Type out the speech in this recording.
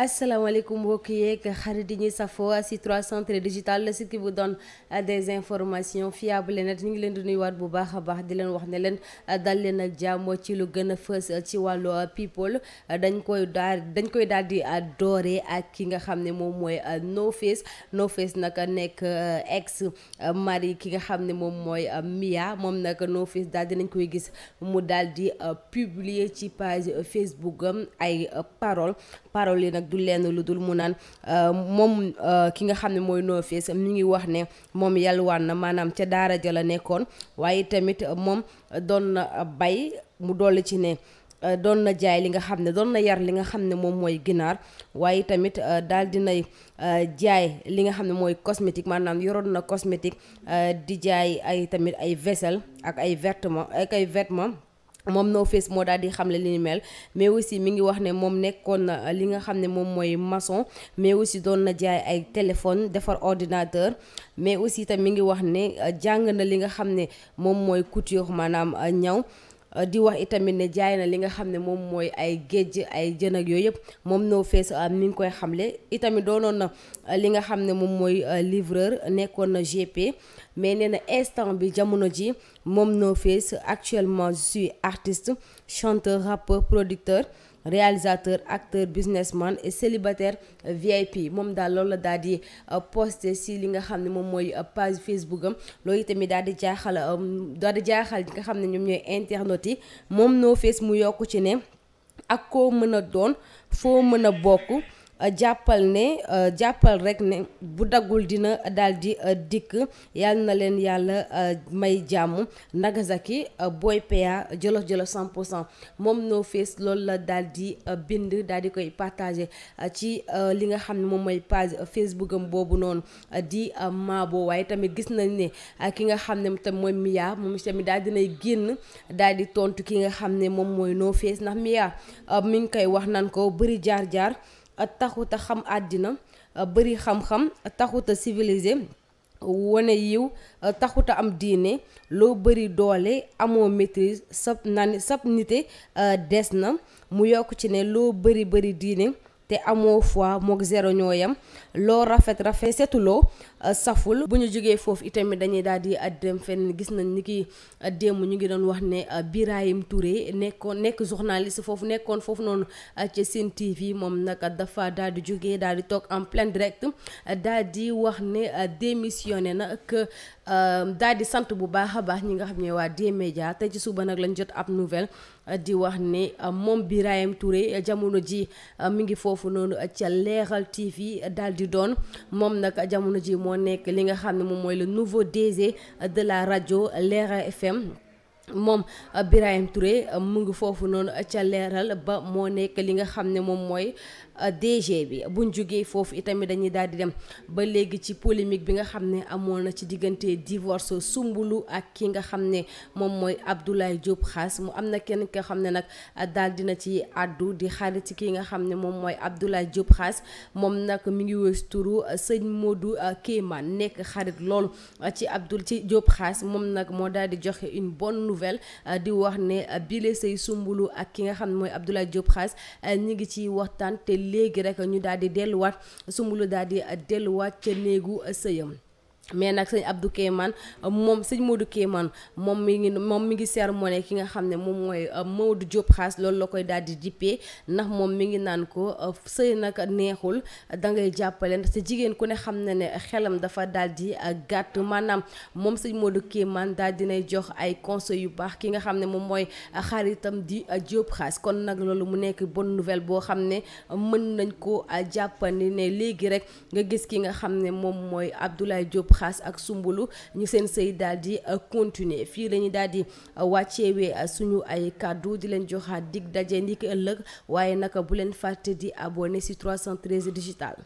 asalaamaaleykum mbokk yeeg xarit yi ñuy safoo si 313 digital la site bu doon euh, des informations fiable net ñu ngi leen di nuyuwaat bu baax a baax di leen wax ne leen euh, dal leen ak jàmm ci lu gën a fës euh, ci wàllu people dañ koy daal dañ koy daal di doore ak ki nga xam ne moom mooy No Face No Face nag nekk ex mari ki nga xam ne moom mooy Mia moom nag No Face daal dinañ koy gis mu daal di publier ci page Facebook am ay parole parole yi nag. du lenn lu dul mu naan euh, moom euh, ki nga xam ne mooy No Face mi ngi wax ne moom yalwaan na maanaam ca daara ja la nekkoon waaye tamit moom doon na bay mu dolli ci ne euh, doon na jaay li nga xam ne doon na yar li nga xam ne moom mooy ginaar waaye tamit daal dinay jaay li nga xam ne mooy cosmétique maanaam yoroon na cosmétique di jaay ay tamit ay vaisselle ak ay vêtements ak ay vêtements moom No Face moo daal di xamle li ni mel mais aussi mi ngi wax ne moom nekkoon na li nga xam ne moom mooy maçon mais aussi doon na jaay ay téléphone defar ordinateur mais aussi tam mi ngi wax ne jàng na li nga xam ne moom mooy couture maanaam ñaw Euh, di wax itamit ne jaay na li nga xam ne moom mooy ay géej ay jën ak yooyu yëpp moom No Face mi euh, ngi koy xamle itamit doonoon na euh, li nga xam ne moom mooy livreur nekkoon na GP mais nee na instant bi jamono ji moom No fees actuellement je suis chanteur rapp producteur réalisateur acteur business businessman et célibataire VIP moom daal loolu la daal di euh, posté si li nga xam ne moom mooy euh, page Facebook am loolu itamit daal di jaaxal euh, daal di jaaxal li nga xam ne ñoom ñooy internautes yi moom noo fees mu yokk ci ne ak koo mën a doon foo mën a bokk. Euh, jàppal ne euh, jàppal rek ne bu daggul dina daal di euh, dikk yàlla na leen yàlla may jàmm Nagasaki Boy Pea jolof jolof 100 pour cent moom noo fees loolu la daal di bind daal di koy partagé ci li nga xam ne moom mooy page Facebook boobu noonu di maabo waaye tamit gis nañ ne ak ki nga xam ne tam mooy moom tamit daal dinay génn daal di tontu ki nga xam ne moom mooy noo fees ndax mi ngi koy wax nan ko bari jaar-jaar taxut a xam àddina bëri xam-xam taxut a civilisé wane yiw taxut a am diine loo bëri doole amoo maîtrise sab nani sab nite des na mu yokk ci ne loo bëri bëri diine te amoo fois mook zéro ñoo yam loo rafet rafet setuloo euh, saful bu ñu jógee foofu itamit dañuy daal di euh, dem fenn gis nañ ni ki euh, démb ñu ngi doon wax ne Birahim ture nekkoon nekk journaliste foofu nekkoon foofu noonu ci Sen TV moom nag dafa daal di jógee daal di toog en plein direct daal di wax ne démissionné na ak Euh, daal di sant bu baax a baax ñi nga xam ne waa D-Media tey ci suba nag lañ jot ab nouvelle euh, di wax ni euh, moom Birahim Touré jamono ji mi ngi foofu noonu ca leeral TV daal di doon moom nag jamono ji moo nekk li nga xam ne moom mooy le nouveau DG de la rajo Leral FM. moom Birahim Touré mu ngi foofu noonu ca leeral ba moo nekk li nga xam ne moom mooy Euh, DG bi buñ jógee foofu itamit dañuy daal di dem ba léegi ci polémique bi nga xam ne amoon na ci diggante divorce sumbulu ak ki nga xam ne moom mooy Abdoulaye Diop Khass mu am na kenn ki nga xam ne nag euh, daal dina ci àddu di xarit ci ki nga xam ne moom mooy Abdoulaye Diop Khass moom nag mi ngi wës turu euh, sëñ Modou Kéemaan nekk xarit lool ci Abdoul ci Diop Khass moom nag moo daal di joxe une bonne nouvelle di wax ne bile sëy Soumboulou ak ki nga xam ne mooy Abdoulaye Diop Khass ñi ngi ci waxtaan te léegi rek ñu daal di delluwaat sumbulu daal di delluwaat ca néegu sëyam mais nag sëñ Abdou Kéman moom sëñ Modou Kéman moom mi ngi moom mi ngi sermoné ki nga xam ne moom mooy euh, Maodo Diop xaas loolu la koy daal di dippee ndax moom mi ngi naan ko euh, sëy nag neexul da ngay jàppale ndax sa jigéen ku ne xam ne ne xelam dafa daal di euh, gàtt maanaam moom sëñ Modou Kéman daal dinay jox ay conseils yu baax ki nga xam ne moom mooy xaritam di Diop xaas kon nag loolu mu nekk bon nouvelle boo xam ne mën nañ ko jàppandi ne léegi rek nga gis ki nga xam ne moom mooy Abdoulaye Diop xas ak sumbulu ñu seen sëy daal di euh, continuer fii lañu ñu daal di euh, wàcceewee euh, suñu ay kàddu di leen joxaat dig daje ndiki ëllëg waaye naka bu leen fàtte di abonné si 313 digital